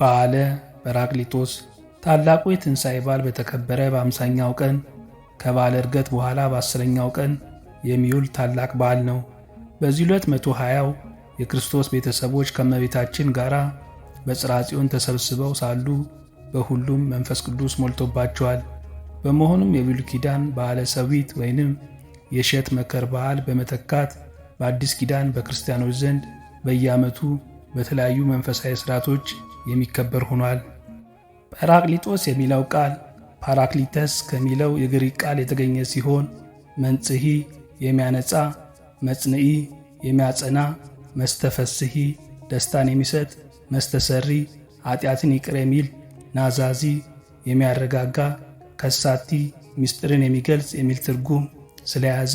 በዓለ በራቅሊጦስ ታላቁ የትንሣኤ በዓል በተከበረ በአምሳኛው ቀን ከበዓለ ዕርገት በኋላ በአስረኛው ቀን የሚውል ታላቅ በዓል ነው። በዚህ ሁለት መቶ ሃያው የክርስቶስ ቤተሰቦች ከመቤታችን ጋር በጽርሐ ጽዮን ተሰብስበው ሳሉ በሁሉም መንፈስ ቅዱስ ሞልቶባቸዋል። በመሆኑም የብሉይ ኪዳን በዓለ ሰዊት ወይንም የሸት መከር በዓል በመተካት በአዲስ ኪዳን በክርስቲያኖች ዘንድ በየዓመቱ በተለያዩ መንፈሳዊ ሥርዓቶች የሚከበር ሆኗል። ጰራቅሊጦስ የሚለው ቃል ፓራክሊተስ ከሚለው የግሪክ ቃል የተገኘ ሲሆን መንጽሂ የሚያነጻ፣ መጽንዒ የሚያጸና፣ መስተፈስሂ ደስታን የሚሰጥ፣ መስተሰሪ ኃጢአትን ይቅር የሚል፣ ናዛዚ የሚያረጋጋ፣ ከሳቲ ምስጢርን የሚገልጽ የሚል ትርጉም ስለያዘ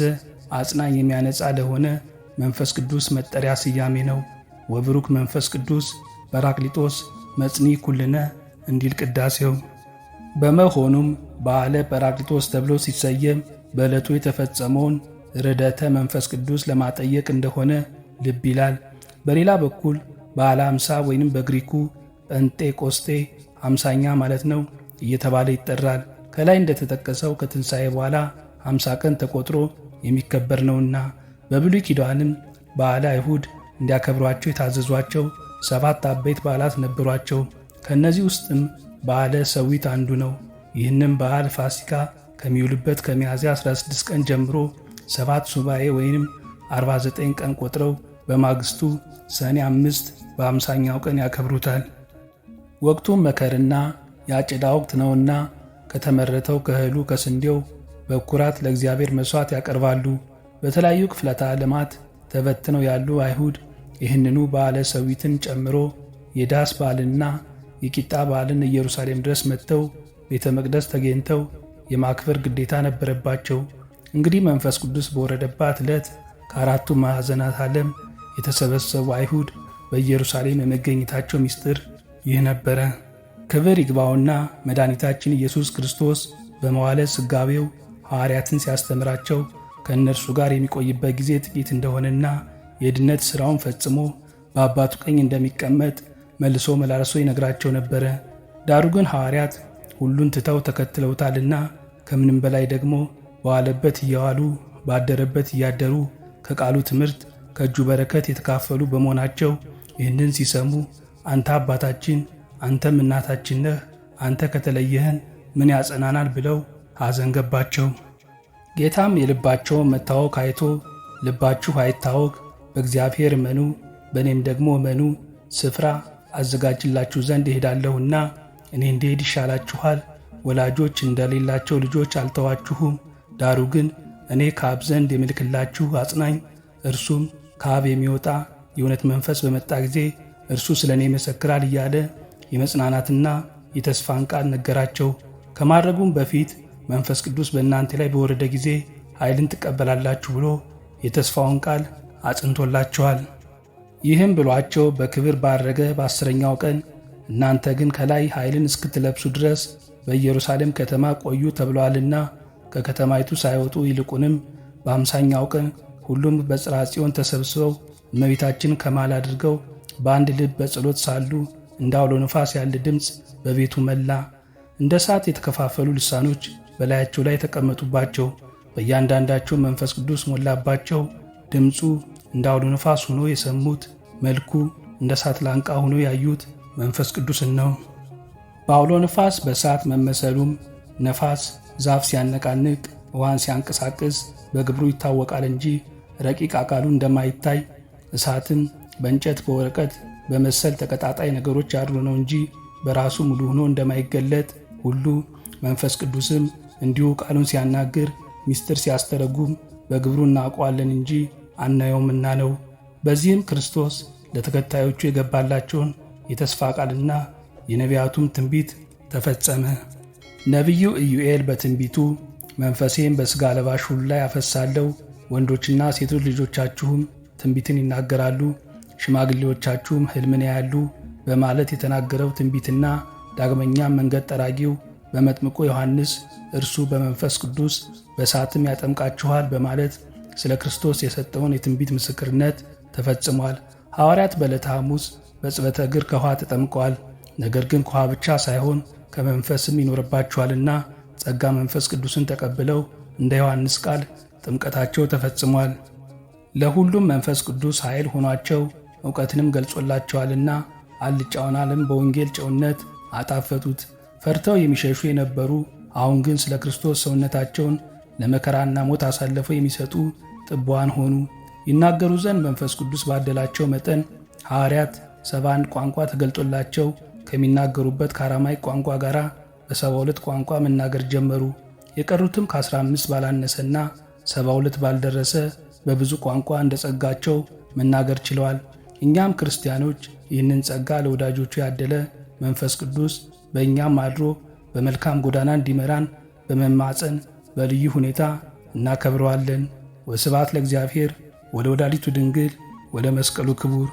አጽናኝ የሚያነጻ ለሆነ መንፈስ ቅዱስ መጠሪያ ስያሜ ነው። ወብሩክ መንፈስ ቅዱስ ጰራቅሊጦስ መጽኒ ኩልነ እንዲል ቅዳሴው። በመሆኑም በዓለ ጰራቅሊጦስ ተብሎ ሲሰየም በዕለቱ የተፈጸመውን ርደተ መንፈስ ቅዱስ ለማጠየቅ እንደሆነ ልብ ይላል። በሌላ በኩል በዓለ አምሳ ወይንም በግሪኩ ጴንጤ ቆስጤ አምሳኛ ማለት ነው እየተባለ ይጠራል። ከላይ እንደተጠቀሰው ከትንሣኤ በኋላ አምሳ ቀን ተቆጥሮ የሚከበር ነውና በብሉይ ኪዳንም በዓለ አይሁድ እንዲያከብሯቸው የታዘዟቸው ሰባት አበይት በዓላት ነበሯቸው። ከእነዚህ ውስጥም በዓለ ሰዊት አንዱ ነው። ይህንም በዓል ፋሲካ ከሚውልበት ከሚያዝያ 16 ቀን ጀምሮ ሰባት ሱባኤ ወይም 49 ቀን ቆጥረው በማግስቱ ሰኔ አምስት በአምሳኛው ቀን ያከብሩታል። ወቅቱም መከርና የአጨዳ ወቅት ነውና ከተመረተው ከእህሉ ከስንዴው በኩራት ለእግዚአብሔር መሥዋዕት ያቀርባሉ። በተለያዩ ክፍለታ ዓለማት ተበትነው ያሉ አይሁድ ይህንኑ በዓለ ሰዊትን ጨምሮ የዳስ በዓልና የቂጣ በዓልን ኢየሩሳሌም ድረስ መጥተው ቤተ መቅደስ ተገኝተው የማክበር ግዴታ ነበረባቸው። እንግዲህ መንፈስ ቅዱስ በወረደባት ዕለት ከአራቱ ማዕዘናት ዓለም የተሰበሰቡ አይሁድ በኢየሩሳሌም የመገኘታቸው ምስጢር ይህ ነበረ። ክብር ይግባውና መድኃኒታችን ኢየሱስ ክርስቶስ በመዋለ ስጋቤው ሐዋርያትን ሲያስተምራቸው ከእነርሱ ጋር የሚቆይበት ጊዜ ጥቂት እንደሆነና የድነት ሥራውን ፈጽሞ በአባቱ ቀኝ እንደሚቀመጥ መልሶ መላልሶ ይነግራቸው ነበረ። ዳሩ ግን ሐዋርያት ሁሉን ትተው ተከትለውታልና ከምንም በላይ ደግሞ በዋለበት እየዋሉ ባደረበት እያደሩ ከቃሉ ትምህርት ከእጁ በረከት የተካፈሉ በመሆናቸው ይህንን ሲሰሙ አንተ አባታችን አንተም እናታችን ነህ፣ አንተ ከተለየህን ምን ያጸናናል ብለው ሐዘን ገባቸው። ጌታም የልባቸውን መታወክ አይቶ ልባችሁ አይታወክ በእግዚአብሔር እመኑ፣ በእኔም ደግሞ እመኑ፣ ስፍራ አዘጋጅላችሁ ዘንድ እሄዳለሁና እኔ እንድሄድ ይሻላችኋል። ወላጆች እንደሌላቸው ልጆች አልተዋችሁም። ዳሩ ግን እኔ ከአብ ዘንድ የምልክላችሁ አጽናኝ፣ እርሱም ከአብ የሚወጣ የእውነት መንፈስ በመጣ ጊዜ እርሱ ስለ እኔ ይመሰክራል እያለ የመጽናናትና የተስፋን ቃል ነገራቸው። ከማድረጉም በፊት መንፈስ ቅዱስ በእናንተ ላይ በወረደ ጊዜ ኃይልን ትቀበላላችሁ ብሎ የተስፋውን ቃል አጽንቶላችኋል። ይህም ብሏቸው በክብር ባረገ በአስረኛው ቀን እናንተ ግን ከላይ ኃይልን እስክትለብሱ ድረስ በኢየሩሳሌም ከተማ ቆዩ ተብለዋልና ከከተማይቱ ሳይወጡ ይልቁንም በአምሳኛው ቀን ሁሉም በጽርሐ ጽዮን ተሰብስበው እመቤታችን ከማል አድርገው በአንድ ልብ በጸሎት ሳሉ እንደ አውሎ ነፋስ ያለ ድምፅ በቤቱ መላ። እንደ እሳት የተከፋፈሉ ልሳኖች በላያቸው ላይ ተቀመጡባቸው። በእያንዳንዳቸው መንፈስ ቅዱስ ሞላባቸው። ድምፁ እንደ አውሎ ነፋስ ሆኖ የሰሙት፣ መልኩ እንደ እሳት ላንቃ ሆኖ ያዩት መንፈስ ቅዱስን ነው። በአውሎ ነፋስ በእሳት መመሰሉም ነፋስ ዛፍ ሲያነቃንቅ ውሃን ሲያንቀሳቅስ በግብሩ ይታወቃል እንጂ ረቂቅ አካሉ እንደማይታይ እሳትም በእንጨት በወረቀት በመሰል ተቀጣጣይ ነገሮች ያድሮ ነው እንጂ በራሱ ሙሉ ሆኖ እንደማይገለጥ ሁሉ መንፈስ ቅዱስም እንዲሁ ቃሉን ሲያናግር ሚስጥር ሲያስተረጉም በግብሩ እናውቀዋለን እንጂ አናየውምና ነው። በዚህም ክርስቶስ ለተከታዮቹ የገባላቸውን የተስፋ ቃልና የነቢያቱም ትንቢት ተፈጸመ። ነቢዩ ኢዩኤል በትንቢቱ መንፈሴን በሥጋ ለባሽ ሁሉ ላይ አፈሳለሁ፣ ወንዶችና ሴቶች ልጆቻችሁም ትንቢትን ይናገራሉ፣ ሽማግሌዎቻችሁም ሕልምን ያያሉ በማለት የተናገረው ትንቢትና ዳግመኛም መንገድ ጠራጊው በመጥምቁ ዮሐንስ እርሱ በመንፈስ ቅዱስ በእሳትም ያጠምቃችኋል በማለት ስለ ክርስቶስ የሰጠውን የትንቢት ምስክርነት ተፈጽሟል። ሐዋርያት በዕለተ ሐሙስ በጽበተ እግር ከውኃ ተጠምቀዋል። ነገር ግን ከውኃ ብቻ ሳይሆን ከመንፈስም ይኖርባቸዋልና ጸጋ መንፈስ ቅዱስን ተቀብለው እንደ ዮሐንስ ቃል ጥምቀታቸው ተፈጽሟል። ለሁሉም መንፈስ ቅዱስ ኃይል ሆኗቸው እውቀትንም ገልጾላቸዋልና አልጫውን ዓለም በወንጌል ጨውነት አጣፈጡት። ፈርተው የሚሸሹ የነበሩ አሁን ግን ስለ ክርስቶስ ሰውነታቸውን ለመከራና ሞት አሳልፈው የሚሰጡ ጥቧን ሆኑ። ይናገሩ ዘንድ መንፈስ ቅዱስ ባደላቸው መጠን ሐዋርያት ሰባ አንድ ቋንቋ ተገልጦላቸው ከሚናገሩበት ከአራማይክ ቋንቋ ጋር በሰባሁለት ቋንቋ መናገር ጀመሩ። የቀሩትም ከ15 ባላነሰና ሰባ ባልደረሰ በብዙ ቋንቋ እንደ ጸጋቸው መናገር ችለዋል። እኛም ክርስቲያኖች ይህንን ጸጋ ለወዳጆቹ ያደለ መንፈስ ቅዱስ በእኛም አድሮ በመልካም ጎዳና እንዲመራን በመማፀን በልዩ ሁኔታ እናከብረዋለን። ወስብሐት ለእግዚአብሔር ወለ ወላዲቱ ድንግል ወለ መስቀሉ ክቡር